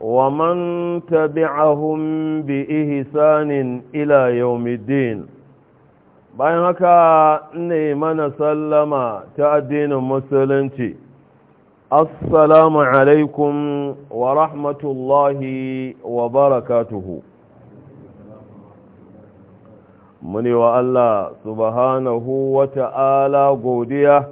ومن تبعهم بإحسان إلى يوم الدين bayan haka ne mana sallama ta addinin musulunci assalamu alaikum wa rahmatullahi wa barakatuhu muni wa Allah subhanahu wa ta'ala godiya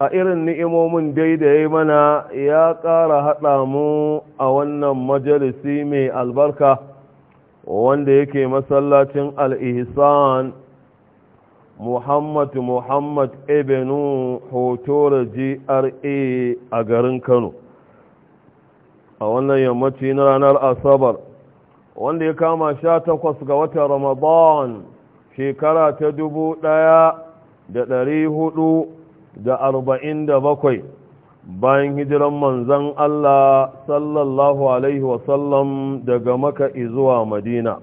a irin ni'imomin dai da mana ya ƙara haɗa mu a wannan majalisi mai albarka wanda yake masallacin al'ihisan muhammad muhammad ebenu hotora gra a garin kano a wannan yammaci na ranar asabar wanda ya kama sha takwas ga watan ramadan shekara ta dubu ɗaya da ɗari hudu da arba'in da bakwai bayan hijiran manzan Allah sallallahu Alaihi wasallam daga maka zuwa madina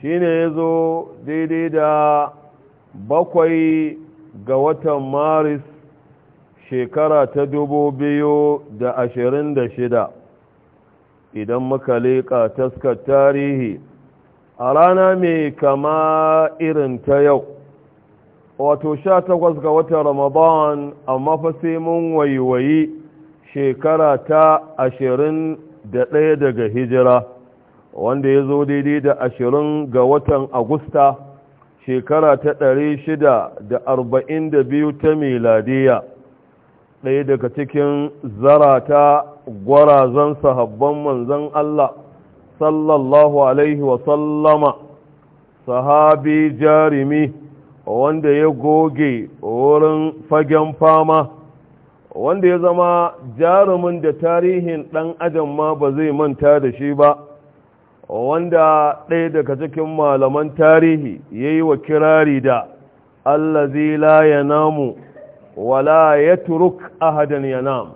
shi ne ya zo daidai da bakwai ga watan maris shekara ta dubu biyu da ashirin da shida idan muka leƙa taskar tarihi a rana mai kama irin ta yau wato sha takwas ga watan ramadan amma fa sai mun waiwayi shekara ta ashirin da ɗaya daga hijira wanda ya zo daidai da ashirin ga watan agusta shekara ta ɗari shida da arba'in da biyu ta miladiya ɗaya daga cikin zarata gwarazan sahabban manzan Allah sallallahu alaihi wasallama sahabi jarimi wanda ya goge wurin fagen fama wanda ya zama jarumin da tarihin ɗan adam ma ba zai manta da shi ba wanda ɗaya daga cikin malaman tarihi ya yi wa kirari da Allah la ya namu wala ya turuk ahadan ya namu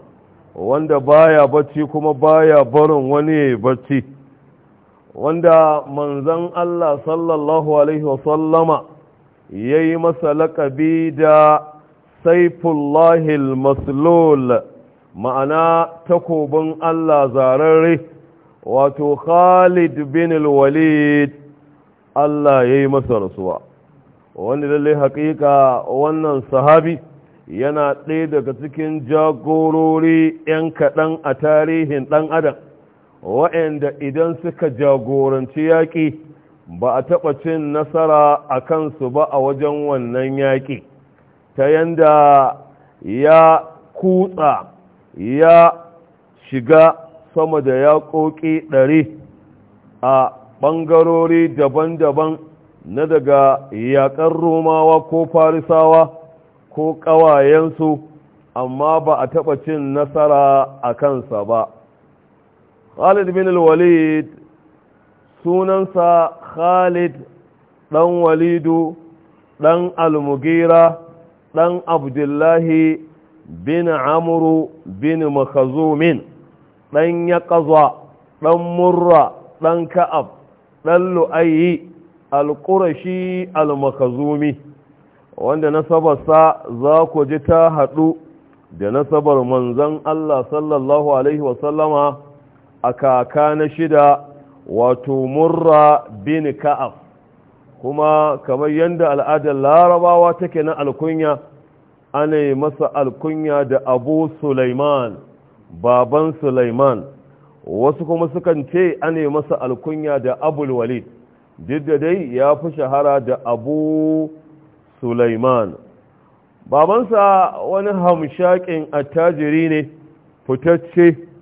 wanda baya bacci kuma baya barin wani ya bacci wanda manzan Allah sallallahu Alaihi wasallama yayi masa laƙabi da saifullahil maslul ma'ana takobin Allah zararre wato Khalid bin walid Allah ya yi masa rasuwa wani lalle haƙiƙa wannan sahabi yana ɗaya daga cikin jagorori 'yan kaɗan a tarihin ɗan adam wa'anda idan suka jagoranci yaƙi ba a taɓa cin nasara a kansu ba a wajen wannan yaƙi ta yanda ya kutsa ya shiga sama da yaƙoƙi ɗari a ɓangarori daban-daban na daga yaƙar romawa ko farisawa ko ƙawayensu amma ba a taɓa cin nasara a kansa ba khalid bin walid sunansa khalid ɗan walidu ɗan Almugera ɗan abdullahi bin amuru bin makazumin ɗan yaƙazwa ɗan murra ɗan ka'ab ɗan lu'ayi alƙurashi almakazumi wanda nasabarsa za ku ji ta haɗu da nasabar manzan Allah sallallahu Alaihi wasallama a kaka na shida wato murra bin ka'af kuma kamar yadda al'adar larabawa take na alkunya ana yi masa alkunya da abu sulaiman baban sulaiman wasu kuma sukan ce ana yi masa alkunya da abul walid duk da dai ya fi shahara da abu sulaiman babansa wani hamshakin attajiri ne fitacce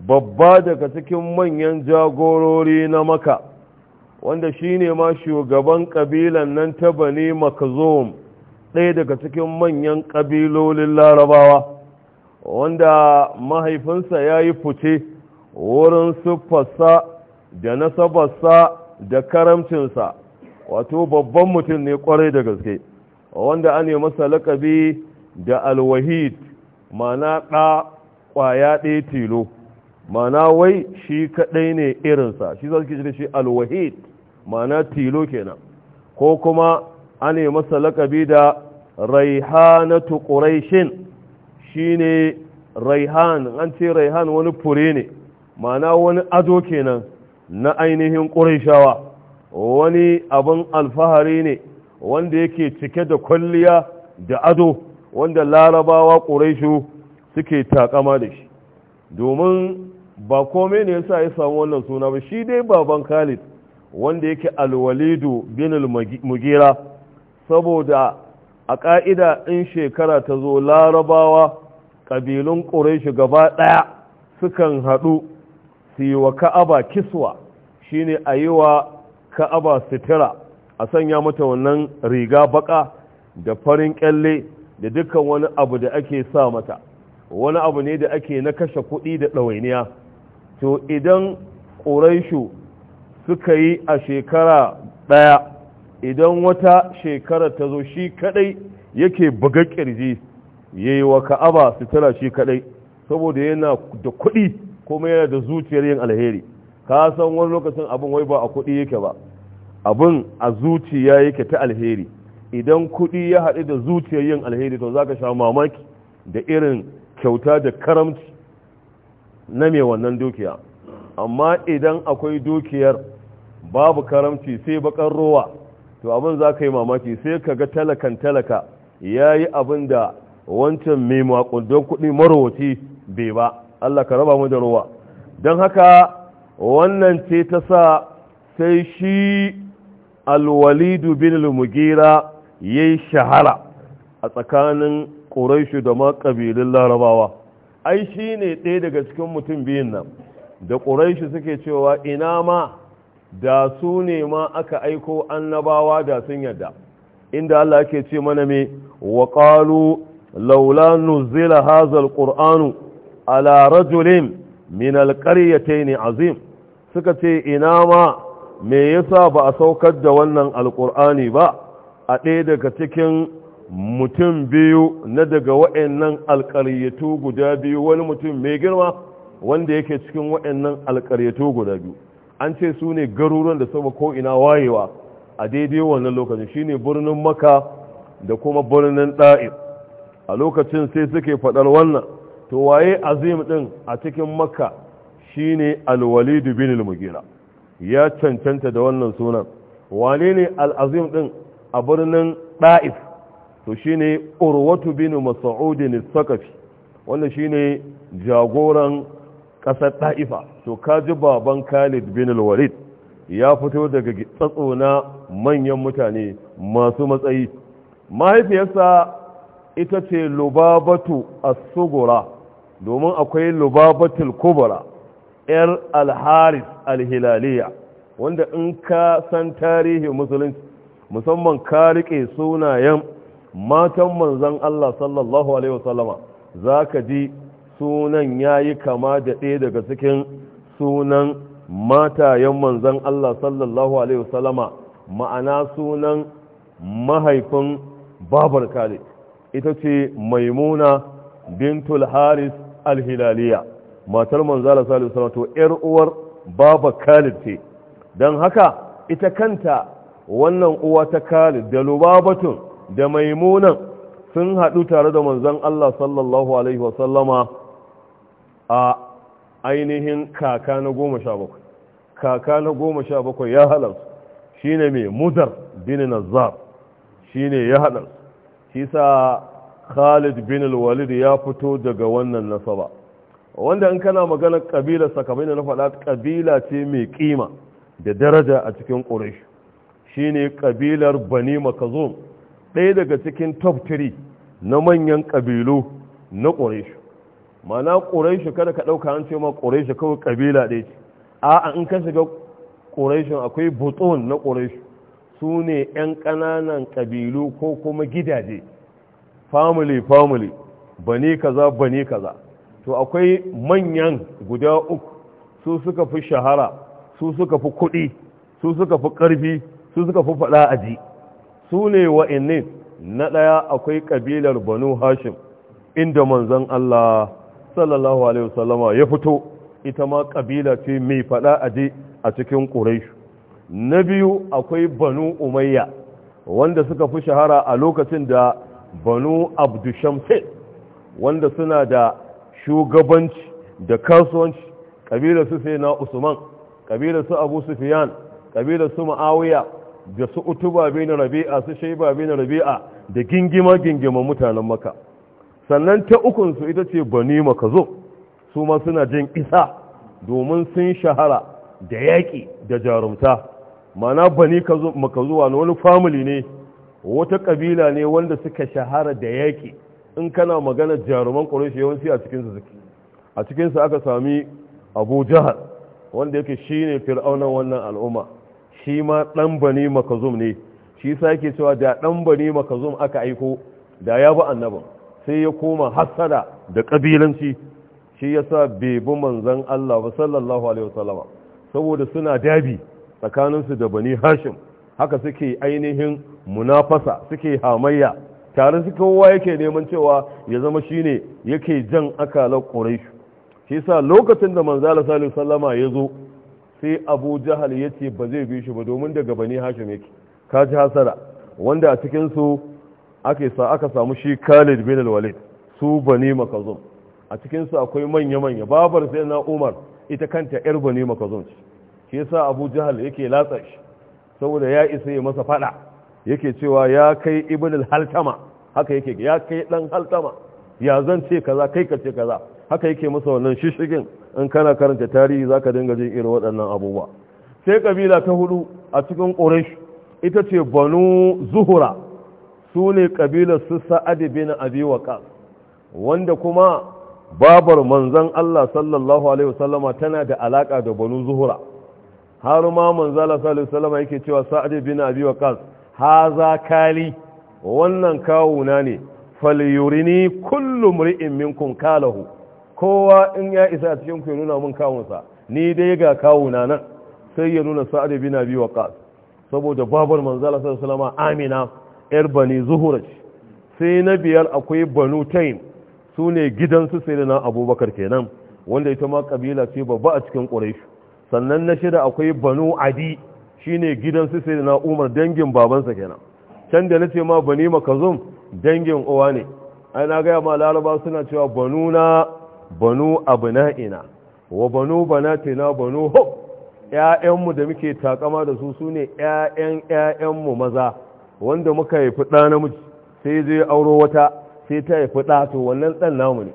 babba daga cikin manyan jagorori na maka wanda shi ne ma shugaban ƙabilan nan ta bane makazom ɗaya daga cikin manyan ƙabilolin larabawa wanda mahaifinsa ya yi fice wurin siffarsa da nasabarsa da karamcinsa wato babban mutum ne kwarai da gaske wanda an yi masa lakabi da alwahid mana ɗa ƙwaya ɗaya tilo mana wai shi kadai ne irinsa shi za su ke shi alwahid mana tilo kenan ko kuma an yi masa lakabi da raihanatu ƙuraishin shi ne raihan an ce raihan wani fure ne mana wani ado kenan na ainihin ƙuraishawa wani abin alfahari ne wanda yake cike da kwalliya da ado wanda larabawa ƙuraishu suke takama da shi domin ba komai ne yasa ya samu wannan suna ba shi dai baban khalid wanda yake alwalidu bin mugira saboda a ƙa'ida in shekara ta zo larabawa ƙabilun ƙureshi gaba ɗaya sukan haɗu su yi wa ka'aba kiswa shine a yi wa ka'aba sitira a sanya mata wannan riga baka da farin kyalle da dukkan wani abu da ake sa mata wani abu ne da ake na kashe kuɗi da ɗawainiya to idan ƙuraishu suka yi a shekara ɗaya idan wata shekara ta zo shi kadai yake buga ƙirji ya yi wa ka'aba su tara shi kaɗai saboda yana da kuɗi kuma yana da zuciyar yin alheri ka san wani lokacin abin wai ba a kuɗi yake ba abin a zuciya yake ta alheri idan kuɗi ya haɗu da zuciyar yin alheri to za ka sha mamaki da irin kyauta da karamci na mai wannan dukiya amma idan akwai dukiyar babu karamci sai bakar rowa to abin za ka yi mamaki sai ka ga talakan talaka ya yi abin da wancan mai makundon kuɗi marowaci bai ba Allah ka raba mu da rowa don haka wannan ce ta sa sai shi alwalidu bin lumugira mugira ya yi shahara a tsakanin shi da ma larabawa ai shi ne ɗaya daga cikin mutum biyun nan da ƙuraishi suke cewa ina ma da su ne ma aka aiko annabawa da sun yadda inda Allah ke ce mana me wa qalu laula nuzila hadha ƙur'anu ala rajulin min ne azim suka ce ina ma me yasa ba a saukar da wannan Alƙur'ani ba a ɗaya daga cikin mutum biyu na daga wa'annan alƙaryatu guda biyu wani mutum mai girma wanda yake cikin wa'annan alƙaryatu guda biyu an ce su ne garuruwan da ko ko'ina wayewa a daidai wannan lokacin shi ne birnin maka da kuma birnin ɗa'ir a lokacin sai suke faɗar wannan to waye azim ɗin a cikin makka shine alwalidu bin mugira ya cancanta da wannan sunan wane ne al'azim ɗin a birnin ɗa'if to shi ne urwatu bin mas'ud sakafi. Wanda shi ne jagoran ƙasar ɗa'ifa to kaji baban Khalid bin walid ya fito daga tsatso na manyan mutane masu matsayi mahaifiyarsa ita ce lubabatu as-sugura domin akwai lubabatul kubra yar al-haris al-hilaliya wanda in ka san tarihi musulunci musamman ka rike sunayen matan manzan Allah sallallahu alaihi wasallama ka ji sunan ya yi kama da ɗaya daga cikin sunan matayen manzan Allah sallallahu alaihi wasallama ma'ana sunan mahaifin babar Khalid ita ce Maimuna bintul Haris Alhilaliya. matar manzan Allah sallallahu alaihi wasallama to 'yar uwar babar Khalid ce Don haka ita kanta wannan uwa ta Khalid da Lubabatun da maimunan sun haɗu tare da manzon Allah sallallahu alaihi wasallama a ainihin kaka na goma sha bakwai kaka na goma sha bakwai ya halarsu shi ne mai mudar bin nazar shi ne ya halarsu shi sa khalid bin walid ya fito daga wannan nasaba wanda in kana maganar ƙabilar sakamai na faɗa ƙabila ce mai ƙima da daraja a cikin ƙurashi. shi ne ƙabilar bani makazum ɗaya daga cikin top 3 na manyan ƙabilu na ƙureshu mana ƙureshu kada ka ɗauka an ce ma kawai ƙabila ɗaya ce a'a in ka shiga ƙureshu akwai butsun na ƙureshu su ne 'yan ƙananan ƙabilu ko kuma gidaje family family bani kaza bani kaza to akwai manyan guda uku su suka fi shahara su suka fi kuɗi su suka fi ƙarfi su suka fi faɗa a ji. su ne wa'innin na ɗaya akwai ƙabilar banu hashim inda manzan Allah sallallahu alaihi wasallama ya fito ita ma ƙabila ce mai faɗa aje a cikin ƙuraishu na biyu akwai banu umayya wanda suka fi shahara a lokacin da banu abdushamsin wanda suna da shugabanci da kasuwanci ƙabilar su sai na usman ƙabilar su abu sufiyan ƙabilar su ma'awiya da su utuba na rabi'a su shaiba na rabi'a da gingima gingima mutanen maka sannan ta ukunsu ita ce bani maka zo su ma suna jin isa domin sun shahara da yaƙi da jarumta mana bani zuwa na wani famili ne wata ƙabila ne wanda suka shahara da yaƙi in kana magana jaruman ƙwarashi yawanci a cikinsu suke a cikinsu aka sami abu jihar wanda yake shi ne fir'aunan wannan al'umma shi ma ɗan bani makazum ne shi sake cewa da ɗan bani makazum aka aiko da ya bi annabin sai ya koma hasada da ƙabilanci shi ya sa bai bi manzan Allah ba sallallahu alaihi wasallama saboda suna dabi tsakaninsu da bani hashim haka suke ainihin munafasa suke hamayya tare su kowa yake neman cewa ya zama shine yake jan akalar ƙuraishu shi sa lokacin da manzala sallallahu alaihi wasallama ya zo sai abu jahal ya ce ba zai bi shi ba domin daga bani hashim yake ka ji hasara wanda a cikinsu aka samu shi khalid bin walid su bani makazum a cikinsu akwai manya-manya babar sai na umar ita kanta yar bani makazum ce ke sa abu jahal yake latsa shi saboda ya isa ya masa fada yake cewa ya kai ibn al-haltama haka yake ya kai dan haltama ya zan ce kaza kai ka ce kaza haka yake masa wannan shishigin in kana karanta tarihi za ka dinga jin irin waɗannan abubuwa sai ƙabila ta hudu a cikin quraish ita ce banu zuhura su ne ƙabilar su sa'ad bin abi waqas wanda kuma babar manzan Allah sallallahu alaihi wasallama tana da alaka da banu zuhura har ma manzan Allah sallallahu alaihi wasallama yake cewa sa'ad bin abi waqas haza kali wannan kawuna ne falyurini kullum mri'in minkum kalahu kowa in ya isa a cikin ku ya nuna min kawunsa ni dai ga kawuna nan sai ya nuna sa'ad bin abi waqas saboda babar manzala sallallahu alaihi wasallam amina yar bani zuhura sai na biyar akwai banu taim sune ne su sai na abubakar kenan wanda ita ma kabila ce babba a cikin quraish sannan na shida akwai banu adi shine su sai na umar dangin babansa kenan can da nace ma bani makazum dangin uwa ne ai na ga ma laraba suna cewa banuna banu ina wa banu banatina banu ho ƴaƴanmu da muke takama da su sune ƴaƴan ƴaƴanmu maza wanda muka yi ɗa namiji sai zai auro wata sai ta yi ɗa to wannan ɗan namu ne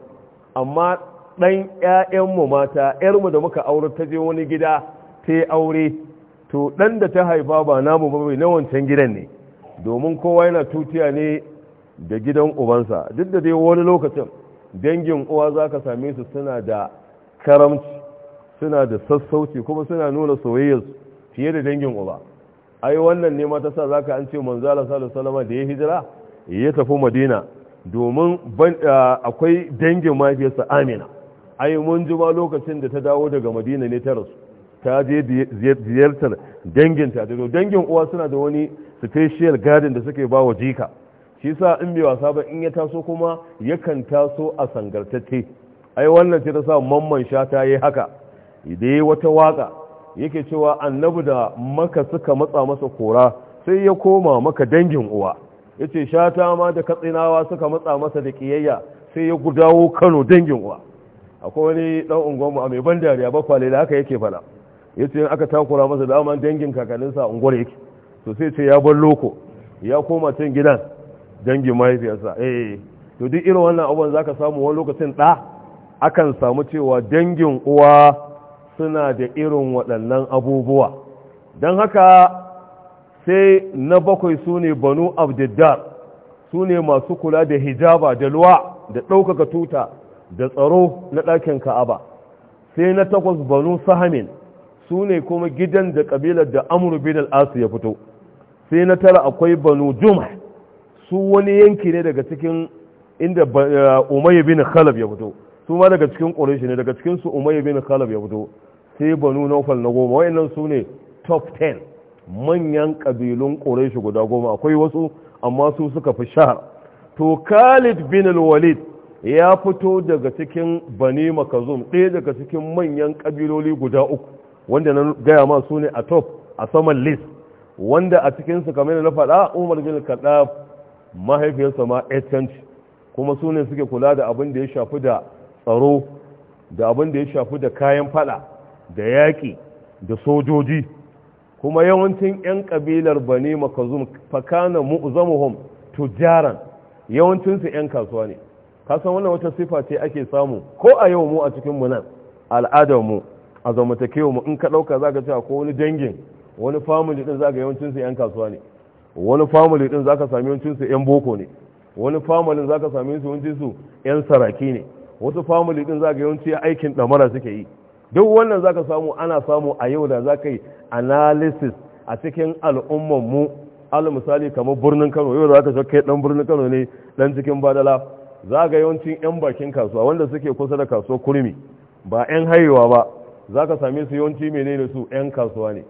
amma ɗan ƴaƴanmu mata ƴarmu da muka auro ta je wani gida ta aure to ɗan da ta haifa ba namu ba bai na wancan gidan ne domin kowa yana tutiya ne da gidan ubansa duk da dai wani lokacin dangin uwa za ka same su suna da karamci suna da sassauci kuma suna nuna soyayyarsu fiye da dangin uba ai wannan ne mata sa zaka an ce manzo Allah sallallahu alaihi da ya hijira ya tafi Madina domin akwai dangin mahaifiyarsa Amina ai mun ji ba lokacin da ta dawo daga Madina ne ta rasu ta je ziyartar danginta ta dangin uwa suna da wani special garden da suke ba wa jika shi sa in bai wasa ba in ya taso kuma yakan taso a sangartacce ai wannan ce ta sa mamman shata yi haka idai wata waka yake cewa annabi da maka suka matsa masa kora sai ya koma maka dangin uwa yace shata ma da katsinawa suka matsa masa da kiyayya sai ya gudawo Kano dangin uwa akwai wani dan mu a mai ban dariya ba kwale da haka yake fada yace in aka takura masa da aman dangin kakanninsa unguwar yake to sai ce ya bar loko ya koma can gidan dangin mahaifiyarsa eh to duk irin wannan abubuwan zaka samu wani lokacin da akan samu cewa dangin uwa suna da irin waɗannan abubuwa don haka sai na bakwai su ne banu abdiddar su ne masu kula da hijaba da luwa da ɗaukaka tuta da tsaro na ɗakin ka'aba sai na takwas banu sahamin su ne kuma gidan da ƙabilar da amur bin al'asu ya fito sai na tara akwai banu jumaa su wani yanki ne daga cikin inda uh, umayya bin khalab ya fito su ma daga cikin quraish ne daga cikin su umayya bin khalab ya fito sai banu naufal na goma wayannan su ne top 10 manyan kabilun quraish guda goma akwai wasu amma su suka fi shahar to khalid bin walid ya fito daga cikin bani makazum ɗaya daga cikin manyan ƙabiloli guda uku wanda na gaya ma su ne a top a saman list wanda a cikinsu kamar na faɗa umar bin kaɗaf mahaifiyarsa ma etent kuma su ne suke kula da abin da ya shafi da tsaro da abin da ya shafi da kayan fada da yaƙi da sojoji kuma yawancin 'yan ƙabilar bane makazum fakana mu'zamuhum tujaran yawancinsu 'yan kasuwa ne kasan wannan wata sifa ce ake samu ko a yau mu a cikin mu nan al'adarmu a zamantakewa mu in ka ɗauka za ka cewa ko wani dangin wani family din za yawancin yawancinsu 'yan kasuwa ne wani famili din zaka sami yawancin su yan boko ne wani family zaka sami su su yan saraki ne wasu famili din zaka yawanci aikin damara suke yi duk wannan zaka samu ana samu a yau da zaka yi analysis a cikin al'umman mu al misali kamar birnin Kano yau da zaka ga kai dan birnin Kano ne dan cikin badala zaka yawancin yan bakin kasuwa wanda suke kusa da kasuwar kurmi ba yan haihuwa ba zaka sami su yawanci menene su yan kasuwa ne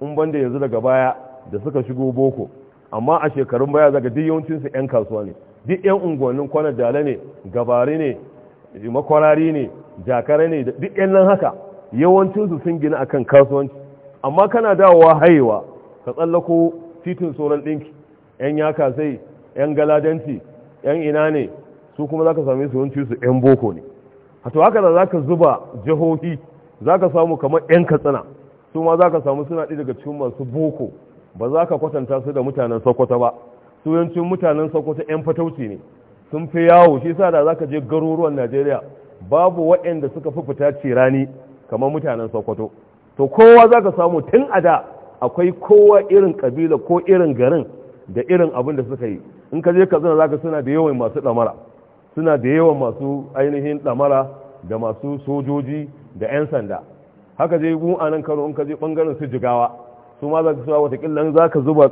in banda yanzu daga baya da suka shigo boko amma a shekarun baya zaga duk yawancin yan kasuwa ne duk yan unguwannin kwana jale ne gabari ne makwarari ne jakare ne duk yan nan haka yawancinsu sun gina akan kasuwanci amma kana dawowa haihuwa ka tsallako titin tsoron ɗinki yan yaka sai yan galadanci yan ina ne su kuma zaka same su yawanci su yan boko ne to haka da zaka zuba jihohi zaka samu kamar yan katsina su ma zaka samu suna ɗi daga cikin masu boko ba za ka kwatanta su da mutanen sokoto ba su yancin mutanen sokoto 'yan fatauci ne sun fi yawo shi sa da za ka je garuruwan najeriya babu waɗanda suka fi fita cirani kamar mutanen sokoto to kowa za ka samu tun a da akwai kowa irin kabila ko irin garin da irin abin da suka yi in ka je katsina za ka suna da yawan masu ɗamara suna da yawan masu ainihin ɗamara da masu sojoji da 'yan sanda haka je gun a nan kano in ka je ɓangaren su jigawa su ma za ka cewa watakila za ka zuba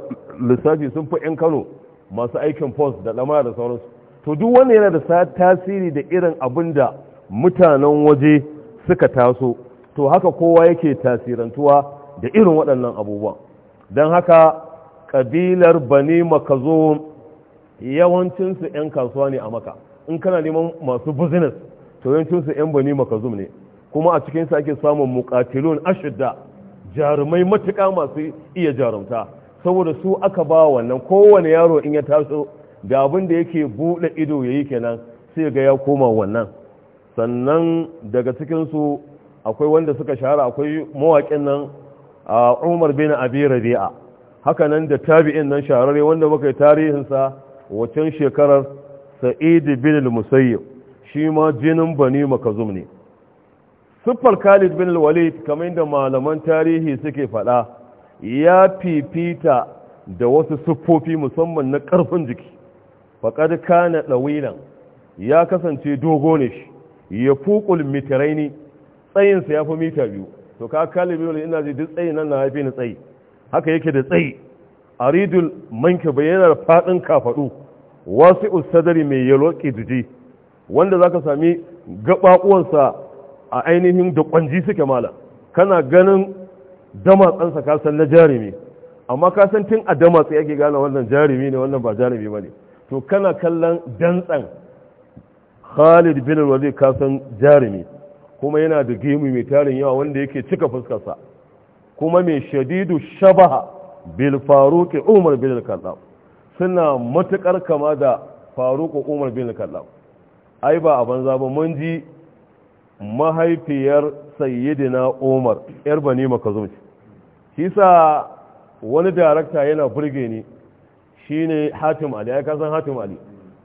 lissafi sun fi 'yan kano masu aikin post da lamara da sauransu to duk wanda yana da tasiri da irin abin da mutanen waje suka taso to haka kowa yake tasirantuwa da irin waɗannan abubuwa don haka ƙabilar bani makazo yawancinsu 'yan kasuwa ne a maka in kana neman masu business to yawancinsu 'yan bani makazum ne kuma a cikinsu ake samun mukatilun ashidda jarumai matuƙa masu iya jarumta saboda su aka ba wannan kowane yaro in ya taso da abin da yake buɗe ido ya yi kenan sai ga ya koma wannan sannan daga cikinsu akwai wanda suka shahara akwai mawaƙin nan a umar bin abi rabi'a haka nan da tabi'in nan shahararre wanda muka yi tarihinsa wacan shekarar sa'id bin musayyib shi ma jinin bani makazum ne siffar khalid bin walid kamar yadda malaman tarihi suke faɗa ya fifita da wasu siffofi musamman na ƙarfin jiki faƙad kana ɗawilan ya kasance dogo ne shi ya fuƙul mitiraini tsayinsa ya fi mita biyu to ka khalid bin walid ina ji duk tsayi nan na haifi ni tsayi haka yake da tsayi A ridul manke bayyana faɗin kafaɗu wasu usadari mai yalo ƙirji wanda za ka sami gaɓaɓuwansa a ainihin da kwanji suke mala kana ganin damatsansa ka san na jarumi amma ka san tun a damatsi ake gane wannan jarumi ne wannan ba jarumi ba ne to kana kallon dantsan khalid bin walid ka san jarumi kuma yana da gemu mai tarin yawa wanda yake cika fuskarsa kuma mai shadidu shabaha bil faruq umar bin al-khattab suna matukar kama da faruq umar bin al-khattab ai ba a banza ba mun ji mahaifiyar sayyidina umar yar bani makazum shi sa wani darakta yana burge ni ne hatim ali ya kasan hatim ali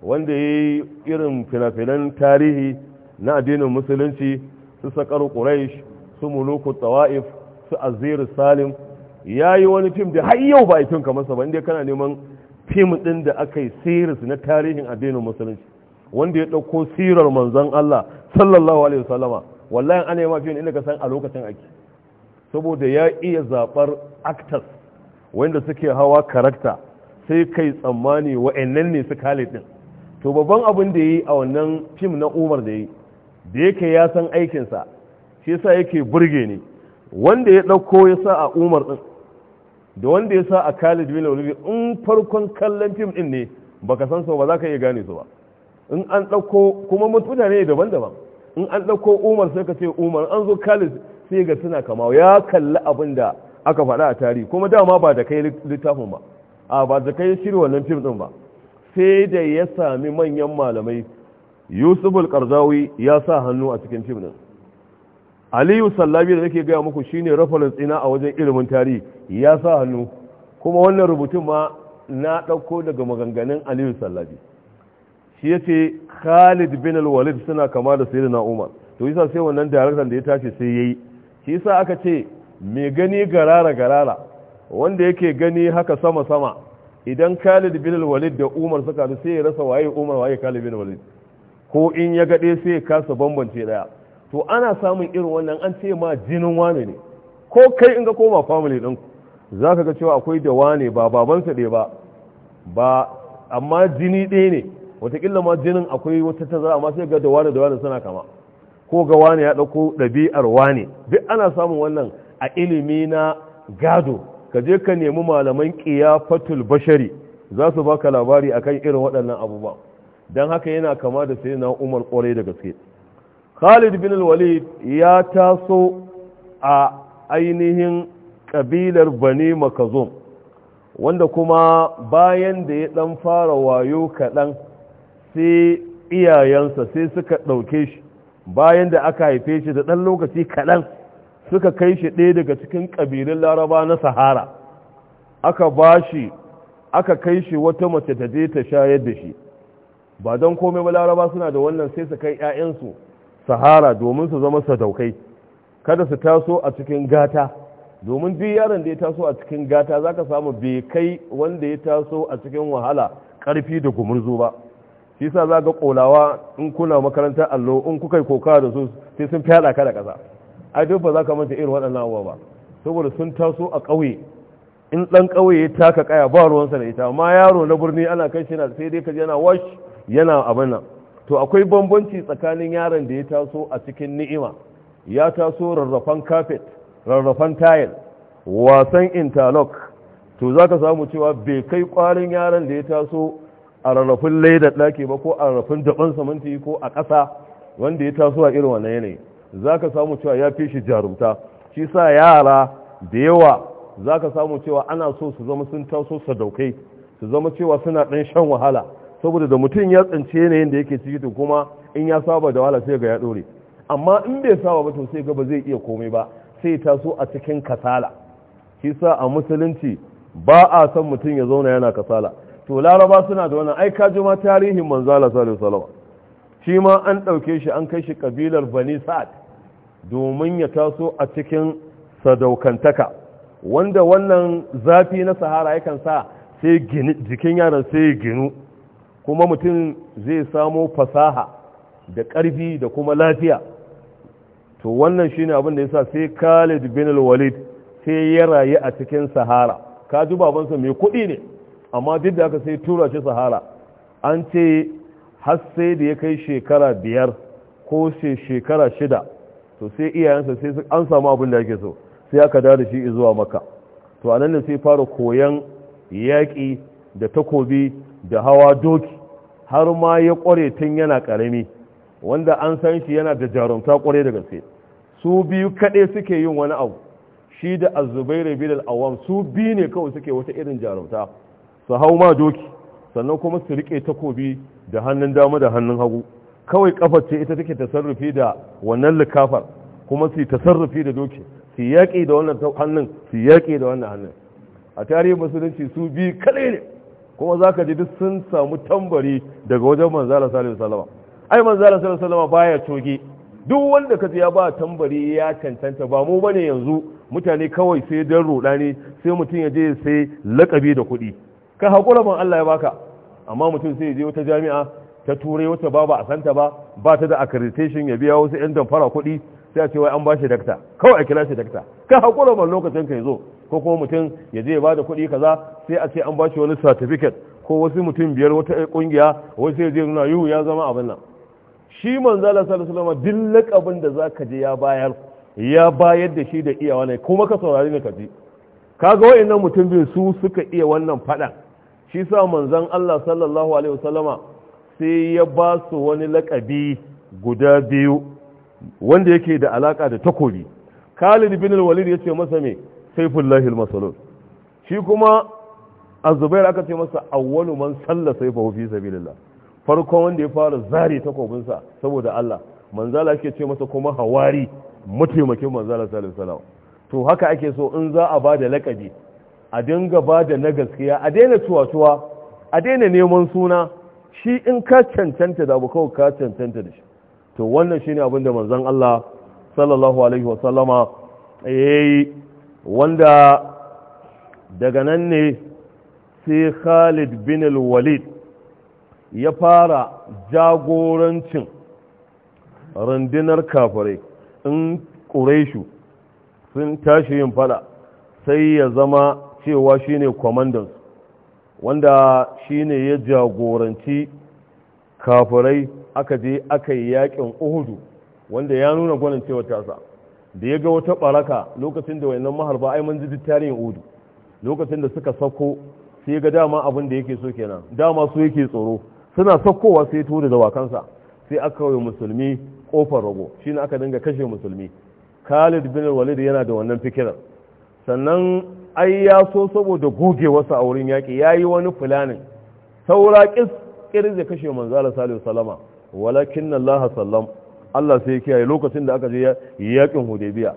wanda ya yi irin fina tarihi na addinin musulunci su sakar quraish su muluku tawa'if su azir salim ya yi wani fim da har yau ba a fim kamar sa ba inda kana neman fim ɗin da aka yi series na tarihin addinin musulunci wanda ya ɗauko sirar manzon Allah sallallahu alaihi wasallama wallahi ana yi mafi inda ka san a lokacin ake saboda ya iya zaɓar actors wanda suke hawa karakta sai kai tsammani wa'annan ne su kale din to babban abin da yi a wannan fim na umar da yi da yake ya san aikinsa shi yasa yake burge ni wanda ya ɗauko ya sa a umar din da wanda ya sa a khalid bin walid in farkon kallon fim din ne baka san so ba za ka iya gane su ba in an ɗauko kuma mutane daban-daban in an ɗauko umar sai ka ce umar an zo khalid sai ga suna kama ya kalli abin da aka faɗa a tarihi kuma dama ba da kai littafin ba a ba da kai shirya wannan fim ɗin ba sai da ya sami manyan malamai yusuf al-qarzawi ya sa hannu a cikin fim ɗin aliyu sallabi da nake gaya muku shine reference ɗina a wajen ilimin tarihi ya sa hannu kuma wannan rubutun ma na ɗauko daga maganganun aliyu sallabi shi ya ce khalid bin al-walid suna kama da sayyidina umar to yasa sai wannan daraktan da ya tashi sai yayi shi yasa aka ce mai gani garara garara wanda yake gani haka sama sama idan khalid bin al-walid da umar suka da sai ya rasa waye umar waye khalid bin al-walid ko in ya gade sai ya kasa bambance daya to ana samun irin wannan an ce ma jinin wane ne ko kai in ga koma family din zaka ga cewa akwai da wane ba babansa ɗaya ba ba amma jini ɗaya ne wataƙila ma jinin akwai wata tazara amma sai ga da wane da wane suna kama ko ga wane ya ɗauko ɗabi'ar wane duk ana samun wannan a ilimi na gado ka je ka nemi malaman ƙiyafatul bashari za su baka labari akan irin waɗannan abubuwa don haka yana kama da sai na umar ƙwarai da gaske khalid bin walid ya taso a ainihin ƙabilar bani Makazom, wanda kuma bayan da ya ɗan fara wayo kaɗan sai iyayensa sai suka ɗauke shi bayan da aka haife shi da ɗan lokaci kaɗan suka kai shi ɗaya daga cikin ƙabilun laraba na sahara aka ba shi aka kai shi wata mace ta je ta shayar da shi ba don komai ba laraba suna da wannan sai su kai 'ya'yansu sahara domin su zama sadaukai kada su taso a cikin gata domin duk yaron da ya taso a cikin gata zaka samu bai kai wanda ya taso a cikin wahala ƙarfi da gumurzu ba shi sa za ga kolawa in kuna makarantar allo in kuka yi koka da su sai sun fi ka da ƙasa ai duk ba za ka manta irin waɗannan abuwa ba saboda sun taso a ƙauye in ɗan ƙauye ya taka ƙaya ba ruwansa da ita amma yaro na birni ana kai shi na sai dai ka yana wash yana abin nan to akwai bambanci tsakanin yaron da ya taso a cikin ni'ima ya taso rarrafan kafet rarrafan tayil wasan interlock to za ka samu cewa bai kai kwarin yaron da ya taso a rarrafin laidar ɗaki ba ko a rarrafin daban samanti ko a ƙasa wanda ya taso a irin wannan yanayi za ka samu cewa ya fi shi jarumta shi sa yara da yawa za ka samu cewa ana so su zama sun taso sadaukai su zama cewa suna ɗan shan wahala saboda da mutum ya tsinci yanayin da yake ciki to kuma in ya saba da wahala sai ga ya ɗore amma in bai saba ba to sai ga ba zai iya komai ba sai taso a cikin kasala shi sa a musulunci ba a son mutum ya zauna yana kasala to laraba suna da wannan ai kaji ma tarihin manzo Allah sallallahu alaihi wasallam shi ma an dauke shi an kai shi kabilar bani sa'ad domin ya taso a cikin sadaukantaka wanda wannan zafi na sahara yakan sa sai jikin yaran sai ya ginu kuma mutum zai samo fasaha da ƙarfi da kuma lafiya to wannan shine abin da yasa sai Khalid bin walid sai ya rayu a cikin sahara kaji babansa mai kuɗi ne amma duk da aka sai tura shi sahara an ce har sai da ya kai shekara biyar ko shekara shida to sai iyayensa sai an samu abin da yake so sai aka da shi zuwa maka to a nan ne sai fara koyan yaƙi da takobi da hawa doki har ma ya kware tun yana ƙarami wanda an san shi yana da jarumta ƙware da gaske su biyu kaɗai suke yin wani abu shi da azubairu bin al'awam su biyu ne kawai suke wata irin jarumta su hau ma doki sannan kuma su riƙe takobi da hannun dama da hannun hagu kawai kafar ce ita take tasarrufi da wannan likafar kuma su tasarrufi da doki su yaƙi da wannan hannun su yaƙi da wannan hannun a tarihin musulunci su bi kaɗai ne kuma za ka ji duk sun samu tambari daga wajen manzala salihu salama ai manzala salihu salama baya coge duk wanda ka ya ba tambari ya cancanta ba mu bane yanzu mutane kawai sai dan ne sai mutum ya je sai lakabi da kuɗi ka haƙura ban Allah ya baka amma mutum sai je wata jami'a ta turai wata ba ba a santa ba ba ta da accreditation ya biya wasu yan damfara kuɗi sai a ce wai an ba shi dakta kawai a kira dakta ka haƙura ban lokacin ka ya zo ko kuma mutum ya je ya ba da kuɗi kaza sai a ce an ba shi wani certificate ko wasu mutum biyar wata ƙungiya wai sai ya je nuna yuhu ya zama abin nan shi manzala sallallahu alaihi wasallam duk lakabin da zaka je ya bayar ya bayar da shi da iyawa ne kuma ka saurari ne ka ji kaga wayannan mutum biyu su suka iya wannan faɗan. shi sa manzan Allah sallallahu alaihi wasallama sai ya ba su wani lakabi guda biyu wanda yake da alaka da takobi Khalid bin Walid ya ce masa mai Saifullahi al shi kuma a zubair aka ce masa awwalu man salla sayfahu fi sabilillah farkon wanda ya fara zari takobinsa saboda Allah manzala yake ce masa kuma hawari mataimakin manzala sallallahu alaihi to haka ake so in za a ba da lakabi a dinga ba da na gaskiya a daina cuwa a daina neman suna shi in ka cancanta da abu ka cancanta da shi to wannan shi ne abin da manzon Allah sallallahu alaihi wasallama yi wanda daga nan ne sai Khalid bin walid ya fara jagorancin rundunar kafirai in ƙure sun tashi yin fada sai ya zama cewa ne kwamandansu wanda shi ne ya jagoranci kafirai aka je aka yi yakin uhudu wanda ya nuna gwanin cewa tasa da ya ga wata baraka lokacin da wayannan maharba ai mun ji tarihin uhudu lokacin da suka sako sai ga dama abin da yake so kenan dama su yake tsoro suna sakowa sai tura da wakansa sai aka yi musulmi kofar rago shine aka dinga kashe musulmi Khalid bin Walid yana da wannan fikirar sannan ai ya so saboda goge wasu a wurin yaƙi ya yi wani fulanin saura ƙirƙir zai kashe manzala salihu salama walakin na laha sallam Allah sai ya kiyaye lokacin da aka je yaƙin hudebiya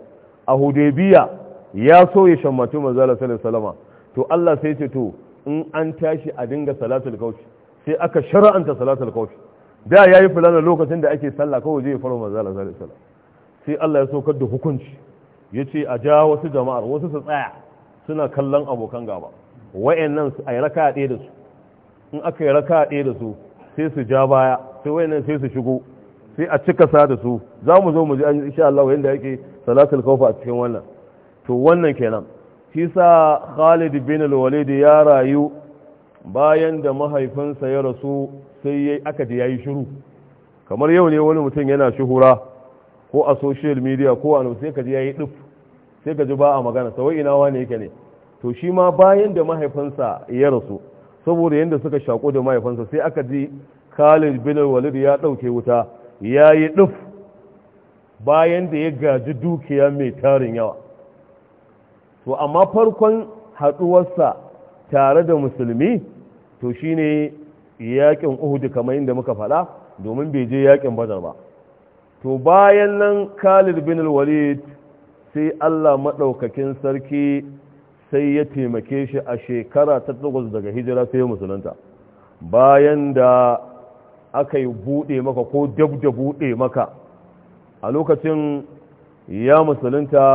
a hudebiya ya so ya shammatu manzala salihu salama to Allah sai ce to in an tashi a dinga salatul kaushi sai aka shara'anta salatul kaushi da ya yi fulanin lokacin da ake sallah kawai zai fara manzala salihu salama sai Allah ya saukar da hukunci ya ce a ja wasu jama'ar wasu su tsaya suna kallon abokan gaba su a yi raka ɗaya da su in aka yi raka ɗaya da su sai su ja baya sai wayannan sai su shigo sai a cika sa da su za mu zo mu ji insha Allah yanda yake salatul kawfa a cikin wannan to wannan kenan kisa Khalid bin al ya rayu bayan da mahaifinsa ya rasu sai yayi aka da yayi shiru kamar yau ne wani mutum yana shuhura ko a social media ko a sai ka ji yayi duf sai ka ji ba a magana sawai ina wane yake ne to shi ma bayan da mahaifinsa ya rasu saboda yadda suka shako da mahaifinsa sai aka ji Khalid bin Walid ya dauke wuta ya yi ɗuf bayan da ya gaji dukiya mai tarin yawa to amma farkon haɗuwarsa tare da musulmi to shine yakin Uhud kamar inda muka faɗa domin bai je yakin Badar ba to bayan nan Khalid bin Walid sai Allah maɗaukakin sarki sai ya taimake shi a shekara ta takwas daga hijira sai musulunta bayan da aka yi buɗe maka ko dab da buɗe maka a lokacin ya musulunta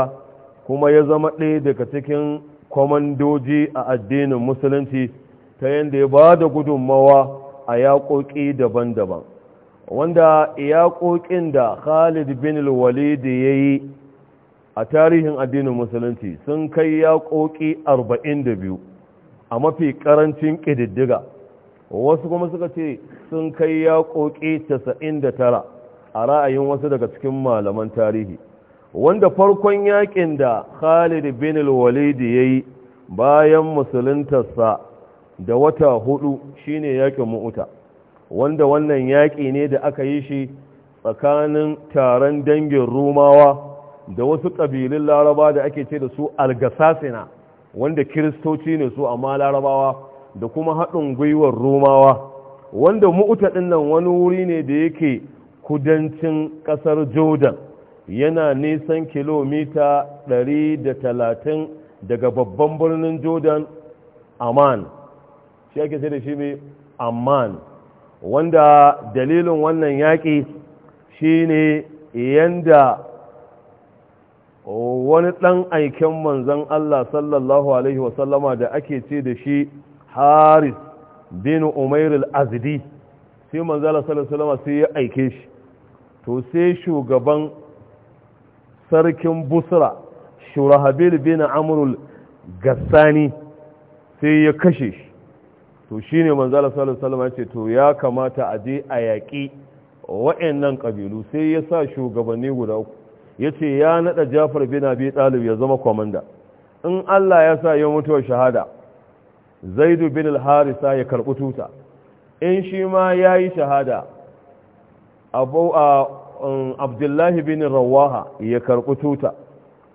kuma ya zama ɗaya daga cikin kwamandoji a addinin musulunci ta yadda ya ba da gudunmawa a yaƙoƙi daban-daban wanda yaƙoƙin da khalid bin walid ya yi a tarihin addinin musulunci sun kai yaƙoƙi 42 a mafi ƙarancin ƙididdiga wasu kuma suka ce sun kai yaƙoƙi 99 a ra'ayin wasu daga cikin malaman tarihi wanda farkon yaƙin da khalid bin walid ya yi bayan musuluntarsa da wata hudu shine yaƙin mu'uta wanda wannan yaƙi ne da aka yi shi tsakanin taron dangin rumawa da wasu ƙabilun laraba da ake ce da su algasasina wanda kiristoci ne su amma larabawa da kuma haɗin gwiwar romawa wanda mu'uta ɗinnan nan wani wuri ne da yake kudancin ƙasar jordan yana nisan kilomita 130 daga babban birnin jordan amman shi ake ce da shi mai amman wanda dalilin wannan yaƙi shi ne yanda wani ɗan aiken manzan Allah sallallahu Alaihi wasallama da ake ce da shi haris bin al azidi sai manzan Allah sallallahu Alaihi wasallama sai ya aike shi to sai shugaban sarkin busra shurahabil bin amurul gassani sai ya kashe shi to shi ne manzan Allah sallallahu Alaihi wasallama ce to ya kamata a je a yaƙi wa'annan ƙabilu sai ya sa shugabanni guda uku ya ce ya naɗa jafar bin abi ɗalib ya zama kwamanda in allah ya sa ya mutuwar shahada zaidu bin al-harisa ya karɓi tuta in shi ma ya yi shahada abu a um, abdullahi bin rawaha ya karɓi tuta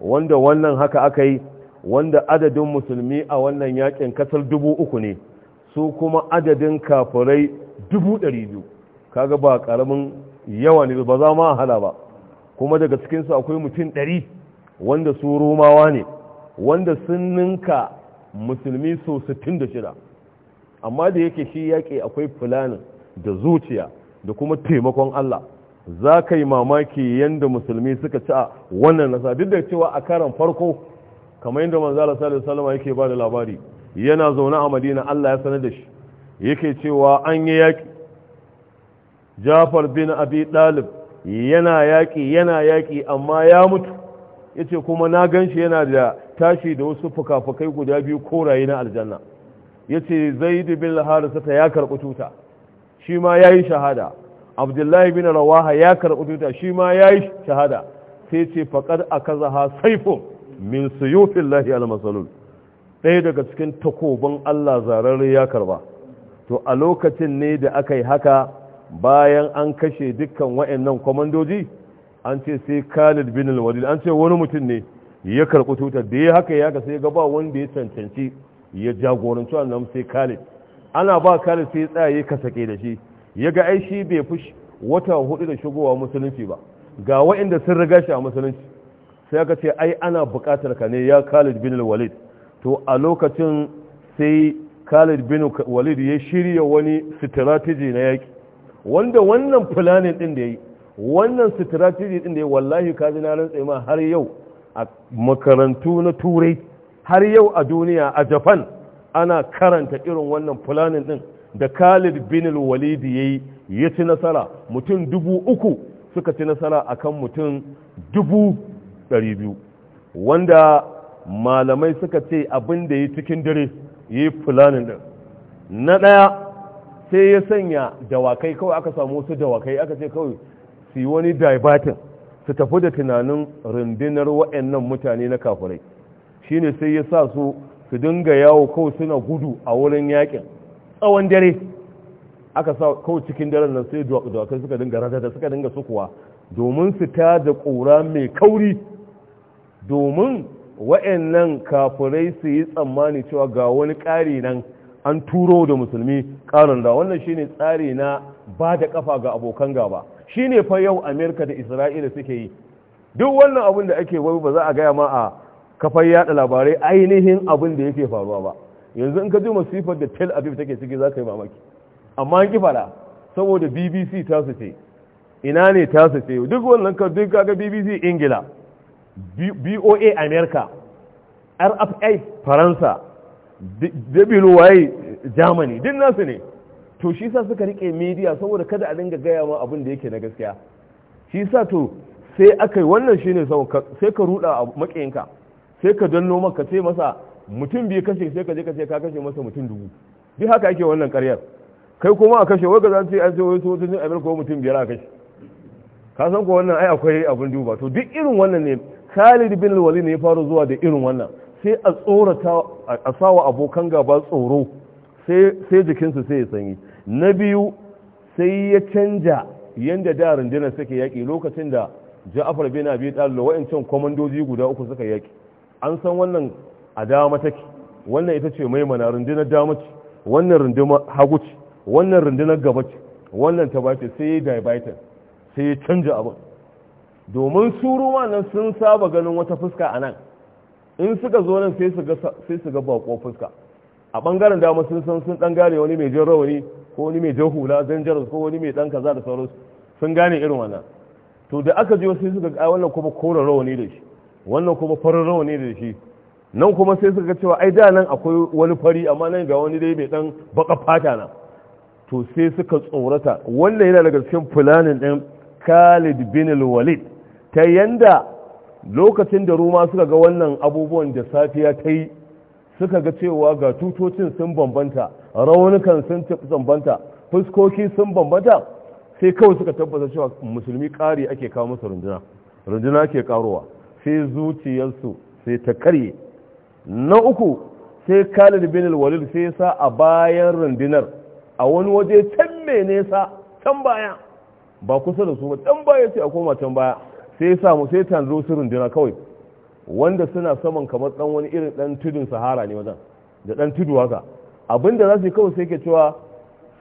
wanda wannan haka aka yi wanda adadin musulmi a wannan yakin kasar dubu uku ne su kuma adadin kafirai dubu ɗari biyu kaga ba ƙaramin yawa ne ba za ma hala ba kuma daga cikinsu akwai mutum ɗari wanda su romawa ne wanda sun ninka musulmi so 66 amma da yake shi yaƙi akwai fulani da zuciya da kuma taimakon Allah za ka yi mamaki yadda musulmi suka ci a wannan nasa duk da cewa a karan farko kamar yadda manzala salisu salama yake ba da labari yana zaune a madina Allah ya sanar da shi yake cewa an yi yaƙi jafar bin abi ɗalib yana yaƙi yana yaƙi amma ya mutu ya ce kuma na gan shi yana da tashi da wasu fuka-fukai guda biyu koraye na aljanna ya ce zaidu bin harisata ya karɓi tuta shi ma ya yi shahada abdullahi bin rawaha ya karɓi tuta shi ma ya yi shahada sai ce faƙar a kaza ha saifo min suyufin lahi almasalul ɗaya daga cikin takobin allah zararri ya karɓa to a lokacin ne da aka yi haka bayan an kashe dukkan wa'annan kwamandoji an ce sai khalid bin walid an ce wani mutum ne ya karɓi tutar da ya haka ya sai ga ba wanda ya cancanci ya jagoranci wannan sai khalid ana ba khalid sai tsaye ka sake da shi ya ga ai shi bai fi wata hudu da shigowa musulunci ba ga wa'inda sun riga shi a musulunci sai aka ce ai ana buƙatar ka ne ya khalid bin walid to a lokacin sai khalid bin walid ya shirya wani strategy na yaki wanda wannan planning din da yi wannan strategy din da yi wallahi ka na rantsa ma har yau a makarantu na turai har yau a duniya a Japan ana karanta irin wannan planning din da Khalid bin walidi ya yi ya ci nasara mutum dubu uku suka ci nasara a kan mutum dubu ɗari biyu wanda malamai suka ce abin da yi cikin dare yi planning din na ɗaya sai ya sanya dawakai kawai aka samu wasu dawakai aka ce kawai su yi wani daibatin su tafi da tunanin rundunar waɗannan mutane na kafirai ne sai ya sa su su dinga yawo kawai suna gudu a wurin yakin tsawon dare aka sa kawai cikin dare nan sai dawakai suka dinga radada suka dinga sukuwa domin su ta da ƙura mai kauri domin waɗannan kafirai su yi tsammani cewa ga wani ƙari nan an turo da musulmi ƙarin da wannan shine tsari na ba da kafa ga abokan gaba shine fa yau amerika da isra'ila suke yi duk wannan abin da ake wai ba za a gaya ma a kafar yada labarai ainihin abin da yake faruwa ba yanzu in ka ji masifar da tel aviv take ciki za ka yi mamaki amma an ki saboda bbc ta su ce ina ne ta su ce duk wannan ka duk kaga bbc ingila boa america rfa faransa dabino waye germany din nasu ne to shi sa suka rike media saboda kada a dinga gaya ma abin da yake na gaskiya shi sa to sai aka yi wannan shi ne sai ka ruda a makiyinka sai ka danno maka ce masa mutum biyu kashe sai ka je ka ce ka kashe masa mutum dubu duk haka yake wannan karyar kai kuma a kashe wai ka ce an ce wai sojojin amerika ko mutum biyar a kashe ka san ko wannan ai akwai abin duba to duk irin wannan ne Khalid bin Walid ne ya faru zuwa da irin wannan sai a tsorata a sawa abokan gaba tsoro sai jikinsu sai ya sanyi na biyu sai ya canja yadda da rundunar suke yaƙi lokacin da ja'afar bin abi ɗallo wa'ancan kwamandoji guda uku suka yaƙi an san wannan a dama take wannan ita ce maimana rundunar dama ce wannan rundunar hagu ce wannan rundunar gaba ce wannan ta bace sai ya daibaitan sai ya canja abin domin su ruwa nan sun saba ganin wata fuska a nan in suka zo nan sai su ga bakon fuska a bangaren dama sun san sun dan gane wani mai jan rawani ko wani mai jan hula zanjaros ko wani mai dan kaza da sauran sun gane irin wannan to da aka ji sai suka ga wannan kuma kora rawani da shi wannan kuma farin rawani da shi nan kuma sai suka cewa ai da nan akwai wani fari amma nan ga wani dai mai dan baka fata na to sai suka tsorata wannan yana daga cikin fulanin din Khalid bin Walid ta yanda lokacin da ruma suka ga wannan abubuwan da safiya ta yi suka ga cewa ga tutocin sun bambanta raunukan sun bambanta fuskoki sun bambanta sai kawai suka tabbata cewa musulmi ƙari ake kawo masa runduna runduna ke ƙaruwa sai zuciyarsu sai ta karye na uku sai khalid bin walid sai sa a bayan rundunar a wani waje can mai nesa can baya ba kusa da su ba can baya sai a koma can baya sai ya samu sai zo su runduna kawai wanda suna saman kamar dan wani irin dan tudun sahara ne wajen da dan tudu haka abinda za su yi kawai sai ke cewa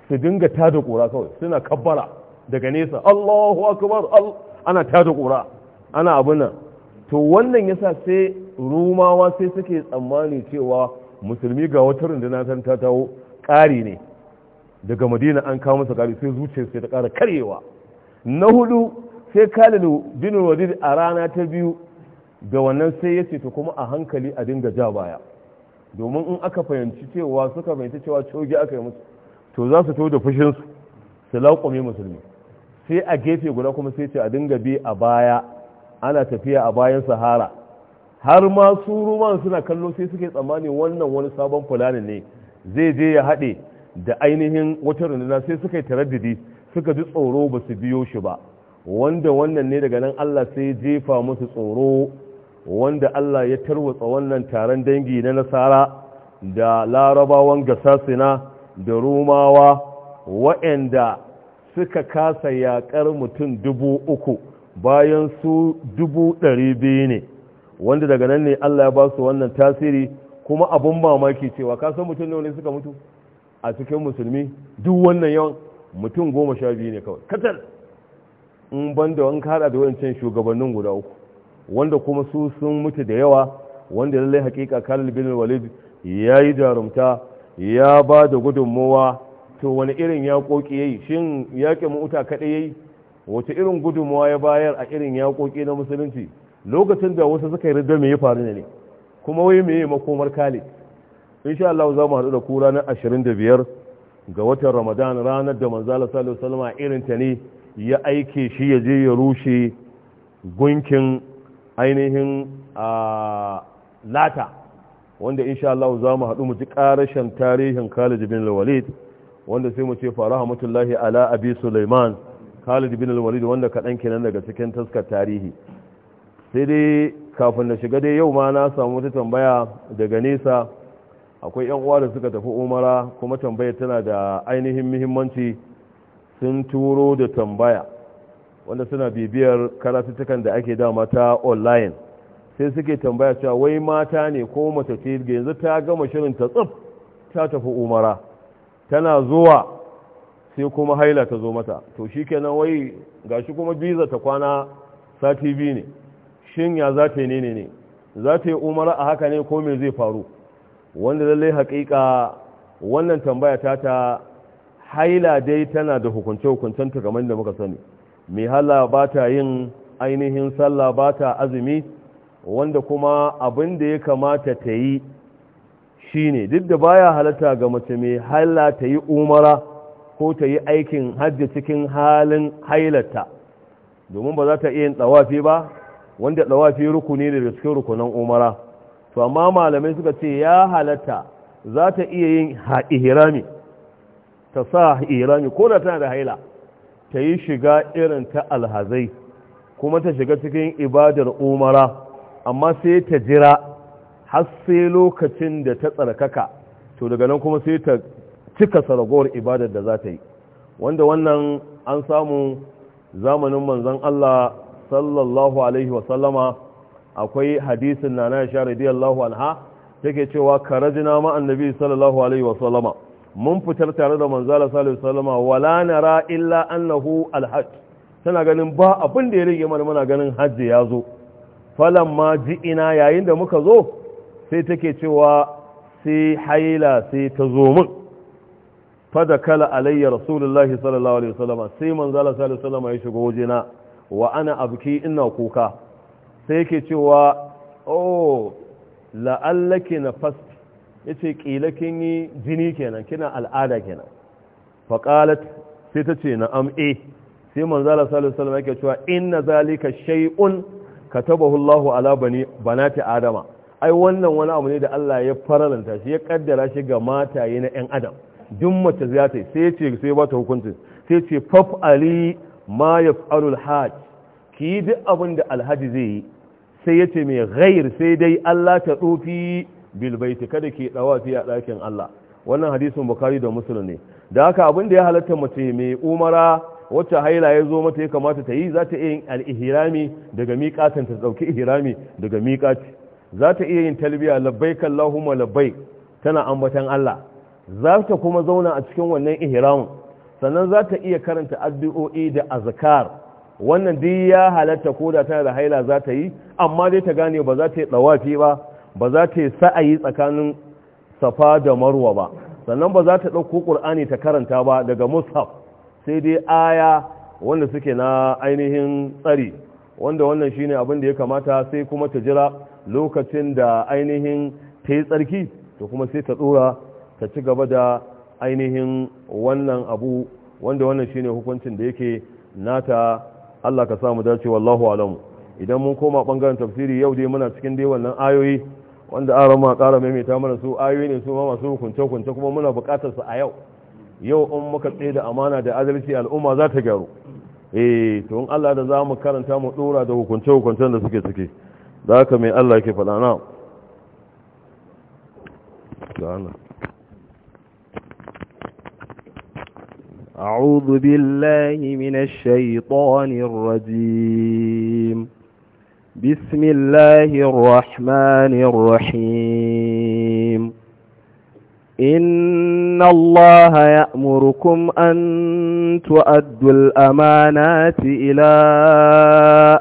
su dinga tada kura kawai suna kabbara daga nesa Allahu akbar ana tada kura ana abin nan to wannan yasa sai rumawa sai suke tsammani cewa musulmi ga wata runduna san ta tawo kari ne daga madina an kawo masa kari sai zuciyar sai ta kara karyewa na hudu sai khalid bin walid a rana ta biyu da wannan sai ya ce kuma a hankali a dinga ja baya domin in aka fahimci cewa suka fahimci cewa coge aka yi musu to za su to da fushin su laƙwame musulmi sai a gefe guda kuma sai ce a dinga bi a baya ana tafiya a bayan sahara har ma su ruman suna kallo sai suke tsammani wannan wani sabon fulani ne zai je ya haɗe da ainihin wata runduna sai suka yi taraddadi suka ji tsoro ba su biyo shi ba wanda wannan ne daga nan Allah sai ya jefa musu tsoro wanda Allah ya tarwatsa wannan taron dangi na nasara da larabawan gasasina da rumawa waɗanda suka kasa yaƙar mutum dubu uku bayan su dubu ɗari biyu ne wanda daga nan ne Allah ya ba su wannan tasiri kuma abin mamaki cewa kasan mutum ne suka mutu a cikin musulmi duk wannan yawan mutum goma sha biyu ne kawai katal in banda wani kada da wancan shugabannin guda uku wanda kuma su sun mutu da yawa wanda lallai hakika Khalid bin Walid ya yi jarumta ya ba da gudunmowa to wani irin ya ya yi shin yaƙin mu kaɗai ya yi wace irin gudunmowa ya bayar a irin ya koki na musulunci lokacin da wasu suka yi ridda me ya faru ne kuma wai me makomar Khalid insha Allah za mu haɗu da ku ranar 25 ga watan Ramadan ranar da Allah sallallahu alaihi wasallam irin ta ne ya aike shi ya je ya rushe gunkin ainihin lata wanda insha Allah za mu haɗu mu ji ƙarashen tarihin Khalid bin Walid wanda sai mu ce fa rahmatullahi ala abi Sulaiman Khalid bin Walid wanda kaɗan kenan daga cikin taskar tarihi sai dai kafin na shiga dai yau ma na samu wata tambaya daga nesa akwai 'yan uwa da suka tafi umara kuma tambayar tana da ainihin muhimmanci sun turo da tambaya wanda suna bibiyar karatuttukan da ake da mata online sai suke tambaya cewa wai mata ne ko mata ce ga yanzu ta gama shirin ta tsif ta tafi umara tana zuwa sai kuma haila ta zo mata to shi kenan wai gashi kuma biza ta kwana sati biyu ne shin ya za ta yi ne ne za ta yi umara a haka ne ko me zai faru wanda lallai haƙiƙa wannan tambaya ta ta haila dai tana da hukunce-hukuncen ta kamar da muka sani mai hala ba ta yin ainihin sallah ba ta azumi wanda kuma abin da ya kamata ta yi shi ne. duk da baya halatta ga mace mai hala ta yi umara ko ta yi aikin hajji cikin halin hailata domin ba za ta iya yin tsawafi ba wanda tsawafi rukuni da cikin rukunan umara to amma malamai suka ce ya halatta za ta iya yin ihrami ta sa irani ko da tana da haila ta yi shiga irin ta alhazai kuma ta shiga cikin ibadar umara amma sai ta jira har sai lokacin da ta tsarkaka to daga nan kuma sai ta cika saragowar ibadar da za ta yi wanda wannan an samu zamanin manzon Allah sallallahu alaihi wasallama akwai hadisin nana ya sha radiyallahu anha take cewa karajina ma annabi sallallahu alaihi wasallama mun fitar tare da manzala Allah salama alaihi wala nara illa annahu alhajj tana ganin ba abin da ya rage mana muna ganin hajji ya zo ma ji ina yayin da muka zo sai take cewa sai haila sai ta zo min fada kala alayya rasulullahi sallallahu alaihi wasallama sai manzala Allah salama ya shigo wajena wa ana abki ina kuka sai yake cewa oh la'allaki nafasta ya ce ƙila kin yi jini kenan kina al'ada kenan faƙalat sai ta ce na ame eh. sai manzala salisu yake cewa inna zalika ka taba hulahu ala bani banati adama ai wannan wani abu ne da Allah ya faralanta shi ya kaddara shi ga mata yi na yan adam duk mace za ta sai ce sai ba ta hukuncin sai ce faf ali ma faru alhaj ki yi duk abin da alhaji zai yi sai ya ce mai ghair sai dai Allah ta tsofi bil baiti kada ki dawafi a ɗakin Allah wannan hadisin bukari da muslim ne da haka abin da ya halatta mace mai umara wacce haila ya zo mata ya kamata ta yi za ta iya yin al daga miƙatan ta dauki ihrami daga miƙaci za ta iya yin talbiya labbai allahumma labbai tana ambatan Allah za ta kuma zauna a cikin wannan ihramin sannan za ta iya karanta addu'o'i da azkar wannan duk ya halatta koda tana da haila za ta yi amma dai ta gane ba za ta yi dawafi ba ba za ta yi sa'ayi tsakanin safa da marwa ba sannan ba za ta ɗauko ƙur'ani ta karanta ba daga mushaf sai dai aya wanda suke na ainihin tsari wanda wannan shine abin da ya kamata sai kuma ta jira lokacin da ainihin ta yi tsarki to kuma sai ta tsora ta ci gaba da ainihin wannan abu wanda wannan shine hukuncin da yake nata Allah ka samu dace wallahu alamu idan mun koma bangaren tafsiri yau dai muna cikin dai wannan ayoyi wanda an rama ƙara maimaita mana su ayoyi ne su ma masu hukunce-hukunce kuma muna buƙatar su a yau yau in muka tsaye da amana da adalci al'umma za ta gyaru eh to in Allah da za mu karanta mu ɗora da hukunce-hukuncen da suke suke da haka mai Allah ke faɗa na أعوذ بالله من الشيطان الرجيم بسم الله الرحمن الرحيم إن الله يأمركم أن تؤدوا الأمانات إلى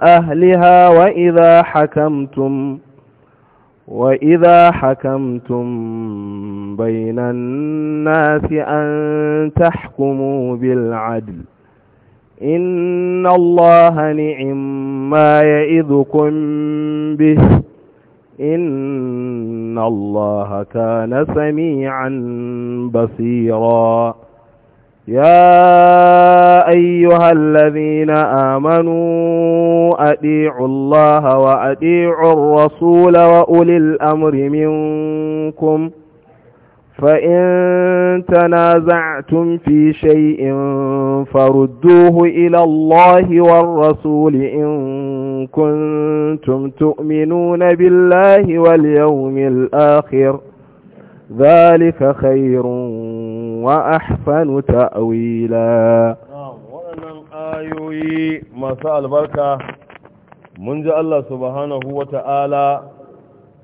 أهلها وإذا حكمتم وإذا حكمتم بين الناس أن تحكموا بالعدل إن الله نعم ما يئذكم به إن الله كان سميعا بصيرا يا أيها الذين آمنوا أديعوا الله وأديعوا الرسول وأولي الأمر منكم فإن تنازعتم في شيء فردوه إلى الله والرسول إن كنتم تؤمنون بالله واليوم الآخر ذلك خير وأحسن تأويلا ayoyi masu albarka mun ji Allah subhanahu wa ta'ala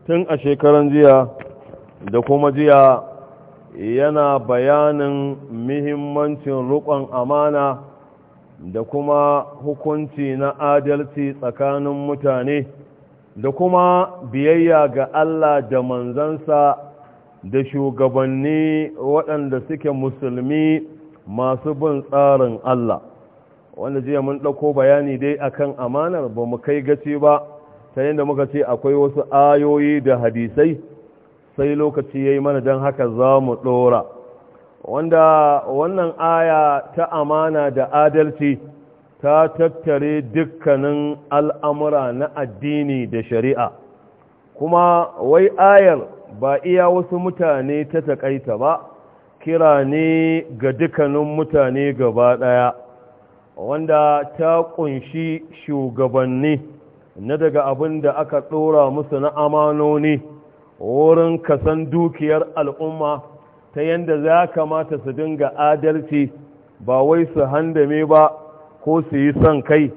tun a shekaran jiya da kuma jiya yana bayanin muhimmancin rukon amana da kuma hukunci na adalci tsakanin mutane da kuma biyayya ga Allah da manzansa da shugabanni waɗanda suke musulmi masu bin tsarin Allah wanda jiya mun ɗauko bayani dai akan amanar ba mu kai gaci ba ta yadda muka ce akwai wasu ayoyi da hadisai sai lokaci ya yi mana don haka za mu ɗora wanda wannan aya ta amana da adalci ta tattare dukkanin al'amura na addini da shari'a kuma wai ayar ba iya wasu mutane ta taƙaita ba kira ne ga dukkanin mutane gaba ɗaya wanda ta ƙunshi shugabanni na daga abin da aka ɗora musu na amanoni wurin kasan dukiyar al'umma ta yadda za kamata su dinga adalci ba wai su handame ba ko su yi son kai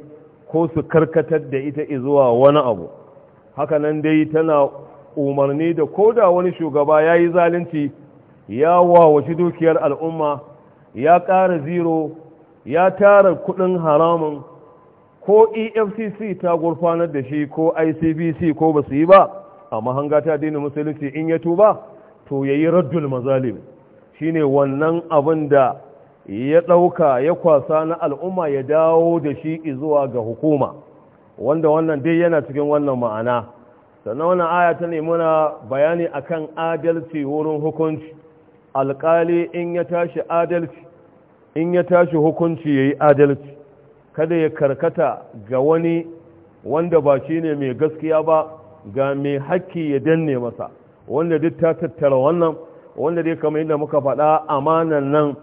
ko su karkatar da ita zuwa wani abu hakanan dai tana umarni da ko da wani shugaba ya yi zalunci ya wawaci dukiyar al'umma ya ƙara ziro ya tara kuɗin haramun ko efcc ta gurfanar da shi ko icbc ko ba su yi ba amma hanga ta addinin musulunci in ya tuba to yayi raddul mazalim shine wannan abin da ya ɗauka ya kwasa na al'umma ya dawo da shi izuwa ga hukuma wanda wannan dai yana cikin wannan ma'ana sannan wannan aya ta muna bayani akan adalci wurin hukunci alkali in ya tashi adalci in ya tashi hukunci yayi adalci kada ya karkata ga wani wanda ba shine mai gaskiya ba ga mai haƙƙi ya danne masa wanda duk ta tattara wannan wanda dai kamar yadda muka faɗa amanan nan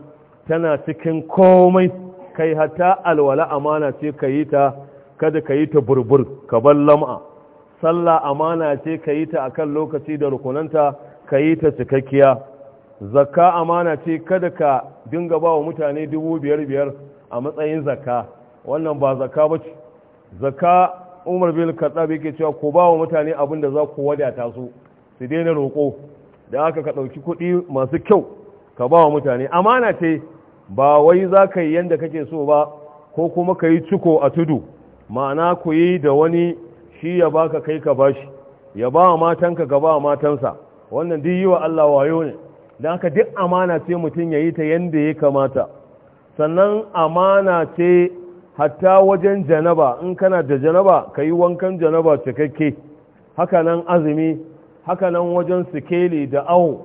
tana cikin komai kai hatta alwala amana ce ka yi ta kada ka yi ta burbur ka bar lam'a sallah amana ce ka yi ta akan lokaci da rukunanta ka yi ta cikakkiya zakka amana ce kada ka dinga ba wa mutane dubu biyar biyar a matsayin zakka wannan ba zakka ba ce zakka umar bin katsab yake cewa ko ba wa mutane abin da za ku wadata su su daina roƙo da aka ka ɗauki kuɗi masu kyau ka ba wa mutane amana ce ba wai za ka yi yadda kake so ba ko kuma ka yi ciko a tudu ma'ana ku yi da wani shi ya baka kai ka bashi ya ba wa matanka ka ba wa matansa wannan duk yi wa Allah wayo ne da haka duk amana ce mutum ya yi ta yadda ya kamata sannan amana ce hatta wajen janaba in kana da janaba ka yi wankan janaba cikakke hakanan azumi hakanan wajen sikeli da awo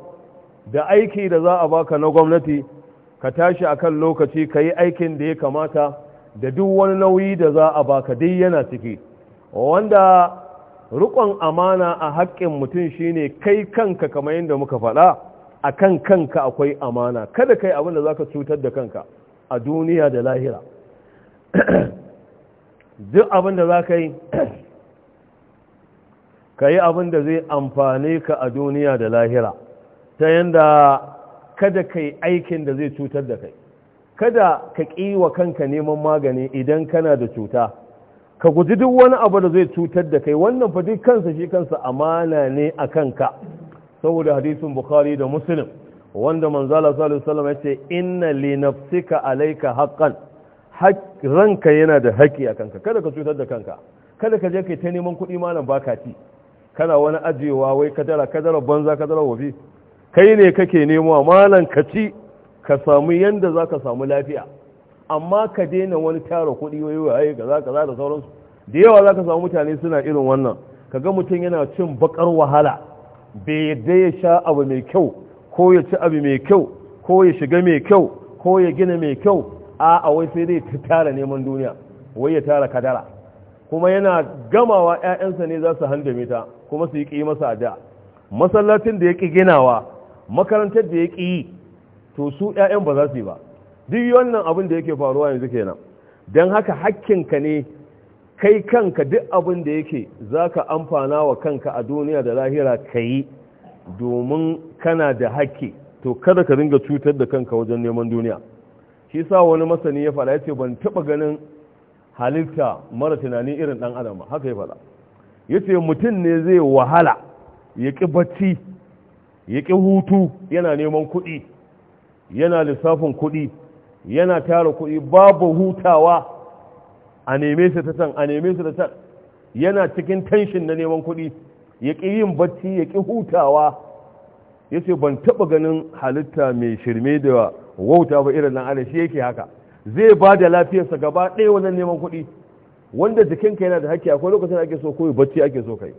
da aiki da za a baka na gwamnati ka tashi akan lokaci ka yi aikin da ya kamata da duk wani nauyi da za a baka dai yana ciki wanda rukon amana a haƙƙin mutum shine kai kanka kamar yadda muka faɗa a kan kanka akwai amana kada kai abin da za ka cutar da kanka a duniya da lahira duk abin da za ka yi ka yi abin da zai amfani ka a duniya da lahira ta yadda kada ka yi aikin da zai cutar da kai kada ka ƙi wa kanka neman magani idan kana da cuta ka guji duk wani abu da zai cutar da kai wannan fa kansa shi kansa amana ne a kanka saboda hadisin bukhari da muslim wanda manzala sallallahu alaihi ya ce inna li nafsika alayka haqqan ranka yana da haƙƙi a kanka kada ka cutar da kanka kada ka je kai ta neman kuɗi malam baka ci kana wani ajiyewa wai ka dara, ka dara banza ka dara wofi kai ne kake nemo malam ka ci ka samu yanda za ka samu lafiya amma ka daina wani tara kuɗi wai wai kaza kaza da sauransu da yawa za ka samu mutane suna irin wannan ka ga mutum yana cin bakar wahala bai yadda ya sha abu mai kyau ko ya ci abu mai kyau ko ya shiga mai kyau ko ya gina mai kyau a a wai sai dai ta tara neman duniya wai ya tara kadara kuma yana gamawa 'ya'yansa ne za su handame ta kuma su yi ƙi masa a da. masallacin da ya ƙi ginawa makarantar da ya ƙi yi to su ƴaƴan ba za su yi ba duk wannan abin da yake faruwa yanzu kenan don haka hakkinka ne kai kanka duk abin da yake za ka amfana wa kanka a duniya da lahira ka yi domin kana da hakki to kada ka ringa cutar da kanka wajen neman duniya shi sa wani masani ya fada ya ce ban taba ganin halitta mara tunani irin dan adam haka ya faɗa ya ce mutum ne zai wahala ya ƙi bacci ya ƙi hutu yana neman kuɗi yana lissafin kuɗi yana tara kuɗi babu hutawa a neme su ta can a neme su ta can yana cikin tanshin na neman kuɗi ya ƙi yin bacci ya ƙi hutawa ya ce ban taɓa ganin halitta mai shirme da wauta ba irin nan ana shi yake haka zai ba da lafiyarsa gaba ɗaya wannan neman kuɗi wanda jikin ka yana da haƙƙi akwai lokacin da ake so koyi bacci ake so kai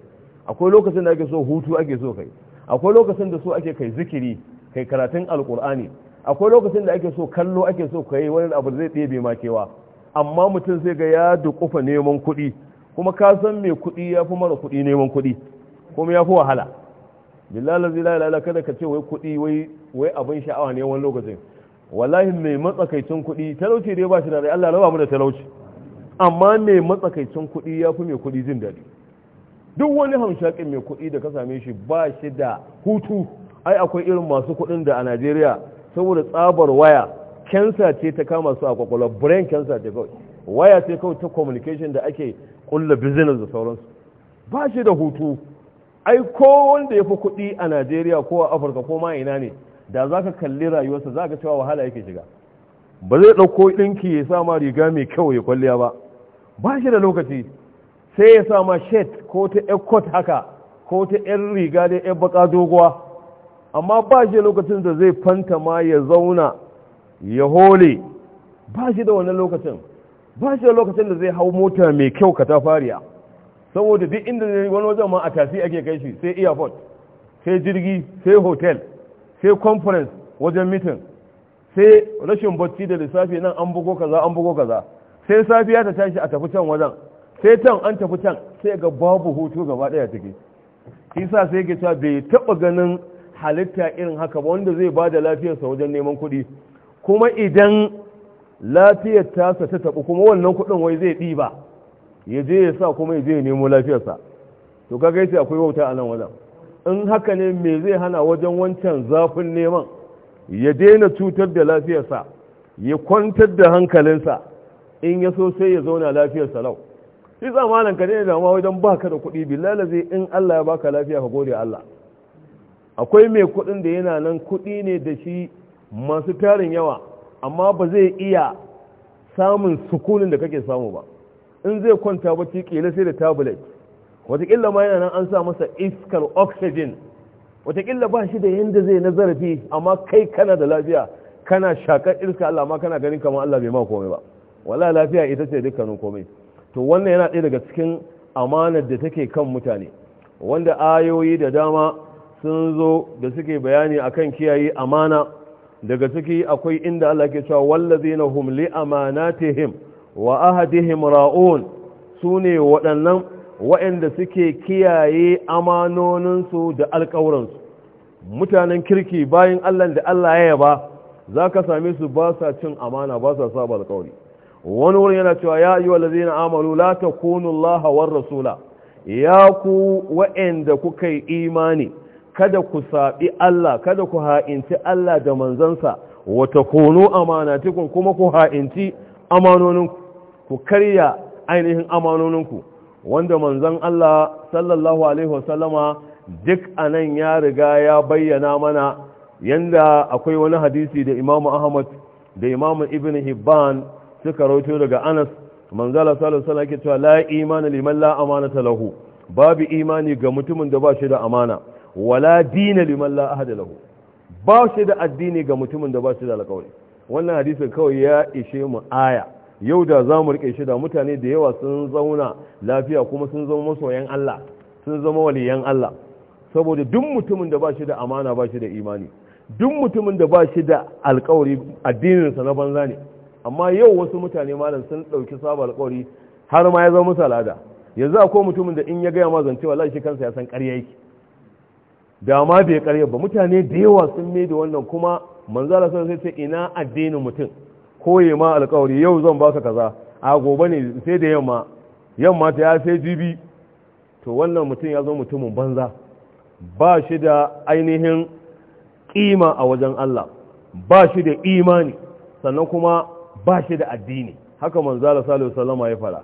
akwai lokacin da ake so hutu ake so kai akwai lokacin da so ake kai zikiri kai karatun alkur'ani akwai lokacin da ake so kallo ake so kai wani abu zai ɗebe ma kewa amma mutum zai ga ya duƙufa neman kuɗi kuma ka san mai kuɗi ya fi mara kuɗi neman kuɗi kuma ya fi wahala billahi la ilaha kada ka ce wai kuɗi wai abin sha'awa ne wani lokacin wallahi mai matsakaicin kuɗi talauci dai ba shi da rai Allah raba mu da talauci amma mai matsakaicin kuɗi ya fi mai kuɗi jin daɗi duk wani hamshakin mai kuɗi da ka same shi ba shi da hutu ai akwai irin masu kuɗin da a Najeriya saboda tsabar waya kansa ce ta kama su a kwakwalwa brain cancer ce kawai waya ce kawai ta communication da ake kulla business da sauransu ba shi da hutu ai ko wanda ya fi kuɗi a Najeriya ko a Afirka ko ma ina ne da za ka kalli rayuwarsa za ka cewa wahala yake shiga ba zai ɗauko ɗinki ya sa ma riga mai kyau ya kwalliya ba ba shi da lokaci sai ya sa ma shet ko ta ƴar kot haka ko ta ƴar riga da ƴar baka doguwa amma ba shi da lokacin da zai fanta ma ya zauna ya hole ba shi da wannan lokacin ba shi da lokacin da zai hau mota mai kyau ka ta fariya saboda duk inda wani wajen ma a tasi ake kai shi sai airport sai jirgi sai hotel sai conference wajen meeting sai rashin bacci da lissafi nan an bugo kaza an bugo kaza sai safiya ta tashi a tafi can wajen sai can an tafi can sai ga babu hutu gaba daya take shi sa sai ke cewa bai taba ganin halitta irin haka ba wanda zai bada da lafiyarsa wajen neman kuɗi kuma idan lafiyar tasa ta tabu kuma wannan kuɗin wai zai ɗiba ya je ya sa kuma ya je ya nemo lafiyarsa to kaga yace akwai wauta a nan wajen in haka ne me zai hana wajen wancan zafin neman ya daina cutar da lafiyarsa ya kwantar da hankalinsa in ya so sai ya zauna lafiyarsa lau shi zamanin ka ne da ma wajen baka da kuɗi bilala zai in Allah ya baka lafiya ka gode Allah akwai mai kuɗin da yana nan kuɗi ne da shi masu tarin yawa amma ba zai iya samun sukunin da kake samu ba in zai kwanta bacci kila sai da tablet wataƙila ma yana nan an sa masa iskar oxygen wataƙila ba shi da yadda zai na zarafi amma kai kana da lafiya kana shakar iska Allah ma kana ganin kamar Allah bai ma komai ba wala lafiya ita ce dukkanin komai to wannan yana ɗaya daga cikin amanar da take kan mutane wanda ayoyi da dama sun zo da suke bayani akan kiyaye amana daga ciki akwai inda Allah ke cewa wallazina hum li amanatihim wa ahadihim ra'un sune waɗannan waɗanda suke kiyaye amanoninsu da alƙawuransu mutanen kirki bayan Allah da Allah ya yaba za ka same su ba sa cin amana ba sa saba alƙawari wani wurin yana cewa ya yi walazi na amalu la ta Allah war rasula ya ku wa'anda kuka yi imani kada ku saɓi Allah kada ku ha'inci Allah da manzansa wata kono amanatikun kuma ku ha'inci amanoninku ku karya ainihin amanoninku wanda manzan Allah sallallahu alaihi wasallama duk anan ya riga ya bayyana mana yanda akwai wani hadisi da Imam Ahmad da imamu Ibn Hibban suka rauto daga Anas manzala sallallahu alaihi wasallama ke cewa la imana liman la amanata lahu babu imani ga mutumin da ba shi da amana wala dina liman la ahada lahu ba shi da addini ga mutumin da ba shi da alƙawari wannan hadisin kawai ya ishe mu aya yau da za mu rike shi da mutane da yawa sun zauna lafiya kuma sun zama masoyan Allah sun zama waliyan Allah saboda duk mutumin da ba shi da amana ba shi da imani duk mutumin da ba shi da alkawari addininsa na banza ne amma yau wasu mutane malam sun ɗauki sabon alkawari har ma ya zama musu al'ada yanzu akwai mutumin da in ya gaya ma zance wallahi kansa ya san ƙarya yake da ma bai ƙarya ba mutane da yawa sun mai da wannan kuma manzala sai ce ina addinin mutum koye ma alkawari yau zan baka kaza a gobe ne sai da yamma yamma ta ya sai jibi to wannan mutum ya zo mutumin banza ba shi da ainihin kima a wajen Allah ba shi da imani sannan kuma ba shi da addini haka manzala alaihi wasallam ya fara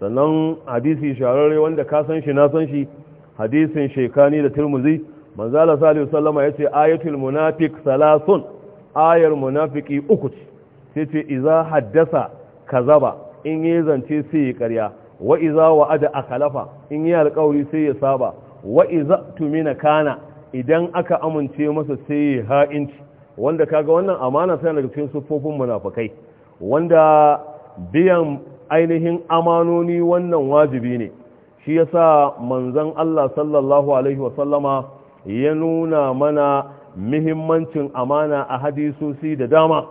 sannan hadisi shararre wanda ka san shi na san shi hadisin shekani da turmuzi manzala salihu salama ya ce ayatul munafik salasun ayar munafiki uku ce sai ce iza haddasa kazaba in yi zance sai ya karya wa iza wa'ada kalafa. in yi alkawari sai ya saba wa iza tumina kana idan aka amince masa sai ya ha'inci wanda kaga wannan amana sai daga cikin sufofin munafikai wanda biyan ainihin amanoni wannan wajibi ne shi yasa manzon Allah sallallahu alaihi wasallama ya nuna mana muhimmancin amana a hadisosi da dama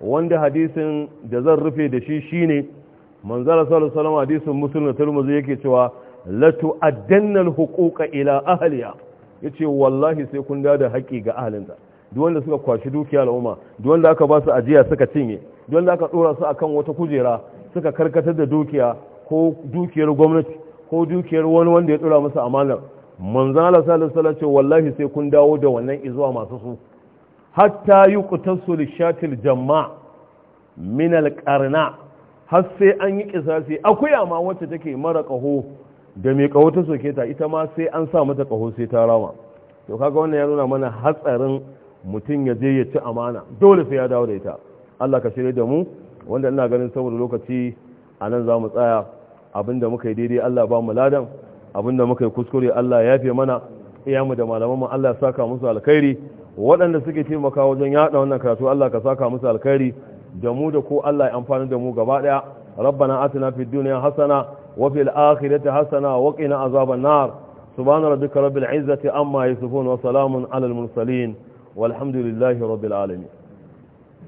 wanda hadisin da zan rufe da shi shi ne manzara sallallahu alaihi hadisin musulun da yake cewa latu tu'addanna hukuka ila ahaliya. Ya ce wallahi sai kun da haƙi ga ahalinta. duk wanda suka kwashi dukiya al'umma duk wanda aka ba su ajiya suka cinye duk wanda aka tsora su akan wata kujera suka karkatar da dukiya ko dukiyar gwamnati ko dukiyar wani wanda ya tsora masa amanar. manzara sallallahu alaihi wasallam ce wallahi sai kun dawo da wannan izuwa masu su hatta yi kutarsu lishatil jamma minal ƙarna har sai an yi kisasi akuya ma wacce take mara kaho da mai kaho ta soke ta ita ma sai an sa mata kaho sai ta rama to kaga wannan ya nuna mana hatsarin mutum ya je ya ci amana dole sai ya dawo da ita Allah ka shirye da mu wanda ina ganin saboda lokaci a nan za mu tsaya abinda muka yi daidai Allah ba mu ladan abinda muka yi kuskure Allah ya fi mana iyamu da malamanmu Allah ya saka musu alkhairi waɗanda suke taimaka wajen yaɗa wannan karatu Allah ka saka musu alkhairi da mu da ko Allah ya amfani da mu gaba ɗaya rabbana atina fid dunya hasana wa fil akhirati hasana wa qina azaban nar subhana rabbika rabbil izzati amma yasifun wa salamun alal mursalin والحمد لله رب العالمين